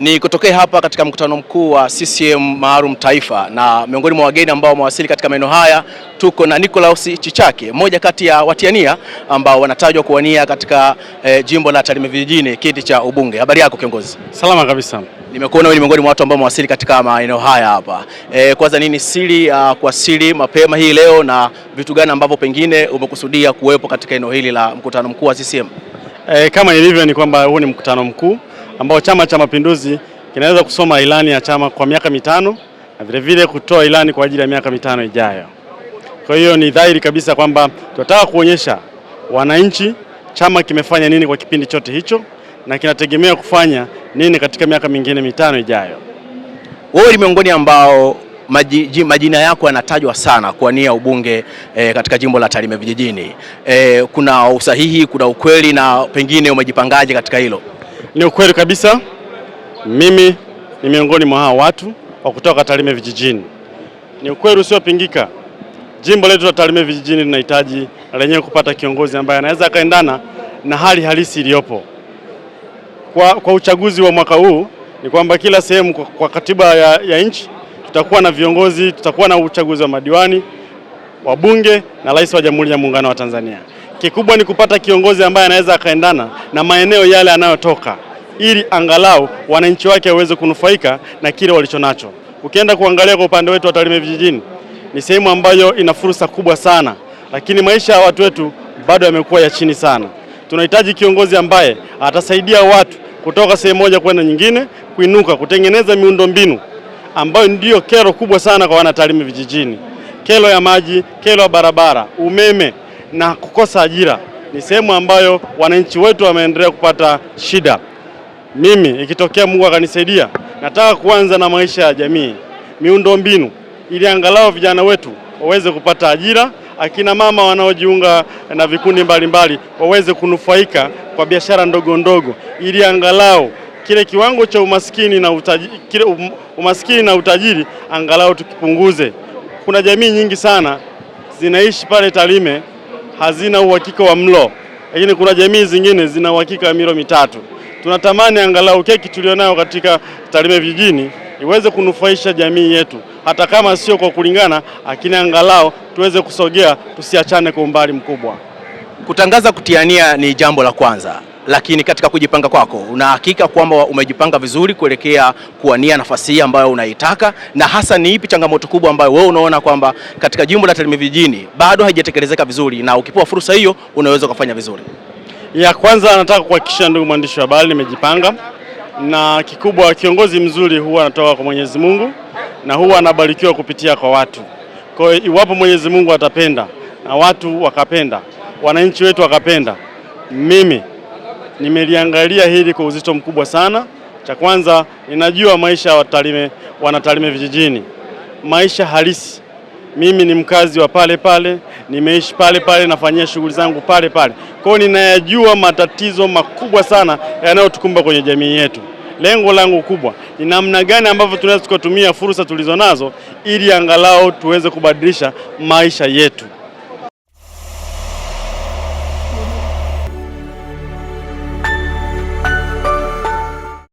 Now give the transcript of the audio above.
Ni kutokea hapa katika mkutano mkuu wa CCM maalum taifa, na miongoni mwa wageni ambao wamewasili katika maeneo haya tuko na Nicholaus Chichake, mmoja kati ya watiania ambao wanatajwa kuwania katika eh, jimbo la Tarime vijijini kiti cha ubunge. Habari yako kiongozi? Salama kabisa. Nimekuona wewe miongoni mwa watu ambao wamewasili katika maeneo haya hapa. E, kwanza nini siri uh, ah, kuwasili mapema hii leo na vitu gani ambavyo pengine umekusudia kuwepo katika eneo hili la mkutano mkuu wa CCM? E, eh, kama ilivyo ni kwamba huu ni mkutano mkuu ambao Chama cha Mapinduzi kinaweza kusoma ilani ya chama kwa miaka mitano na vilevile kutoa ilani kwa ajili ya miaka mitano ijayo. Kwa hiyo ni dhahiri kabisa kwamba tunataka kuonyesha wananchi chama kimefanya nini kwa kipindi chote hicho na kinategemea kufanya nini katika miaka mingine mitano ijayo. Wewe ni miongoni ambao maji, majina yako yanatajwa sana kuwania ubunge e, katika jimbo la Tarime vijijini. E, kuna usahihi, kuna ukweli na pengine umejipangaje katika hilo? Ni ukweli kabisa, mimi ni miongoni mwa hao watu wa kutoka Tarime vijijini. Ni ukweli usiopingika, jimbo letu la Tarime vijijini linahitaji lenyewe kupata kiongozi ambaye anaweza akaendana na hali halisi iliyopo. Kwa, kwa uchaguzi wa mwaka huu ni kwamba kila sehemu kwa, kwa katiba ya, ya nchi tutakuwa na viongozi, tutakuwa na uchaguzi wa madiwani, wabunge na rais wa Jamhuri ya Muungano wa Tanzania. Kikubwa ni kupata kiongozi ambaye anaweza akaendana na maeneo yale anayotoka, ili angalau wananchi wake waweze kunufaika na kile walichonacho. Ukienda kuangalia kwa upande wetu wa Tarime vijijini, ni sehemu ambayo ina fursa kubwa sana, lakini maisha ya watu wetu bado yamekuwa ya chini sana. Tunahitaji kiongozi ambaye atasaidia watu kutoka sehemu moja kwenda nyingine, kuinuka, kutengeneza miundombinu ambayo ndiyo kero kubwa sana kwa wanatarime vijijini, kero ya maji, kero ya barabara, umeme na kukosa ajira ni sehemu ambayo wananchi wetu wameendelea kupata shida. Mimi ikitokea Mungu akanisaidia, nataka kuanza na maisha ya jamii, miundo mbinu ili angalau vijana wetu waweze kupata ajira, akina mama wanaojiunga na vikundi mbalimbali waweze kunufaika kwa biashara ndogo ndogo, ili angalau kile kiwango cha umaskini na utajiri, kile um, umaskini na utajiri angalau tukipunguze. Kuna jamii nyingi sana zinaishi pale Tarime hazina uhakika wa mlo, lakini kuna jamii zingine zina uhakika wa milo mitatu. Tunatamani angalau keki tulionayo katika Tarime vijijini iweze kunufaisha jamii yetu, hata kama sio kwa kulingana, lakini angalau tuweze kusogea, tusiachane kwa umbali mkubwa. Kutangaza kutiania ni jambo la kwanza, lakini katika kujipanga kwako una hakika kwamba umejipanga vizuri kuelekea kuwania nafasi hii ambayo unaitaka, na hasa ni ipi changamoto kubwa ambayo wewe unaona kwamba katika jimbo la Tarime vijijini bado haijatekelezeka vizuri, na ukipewa fursa hiyo unaweza ukafanya vizuri? Ya kwanza nataka kuhakikisha, ndugu mwandishi wa habari, nimejipanga na kikubwa, kiongozi mzuri huwa anatoka kwa Mwenyezi Mungu na huwa anabarikiwa kupitia kwa watu. Kwa hiyo iwapo Mwenyezi Mungu atapenda na watu wakapenda, wananchi wetu wakapenda, mimi nimeliangalia hili kwa uzito mkubwa sana. Cha kwanza ninajua maisha ya Tarime, wanatarime vijijini, maisha halisi. Mimi ni mkazi wa pale pale, nimeishi pale pale, nafanyia shughuli zangu pale pale, kwa hiyo ninayajua matatizo makubwa sana yanayotukumba kwenye jamii yetu. Lengo langu kubwa ni namna gani ambavyo tunaweza tukatumia fursa tulizonazo ili angalau tuweze kubadilisha maisha yetu.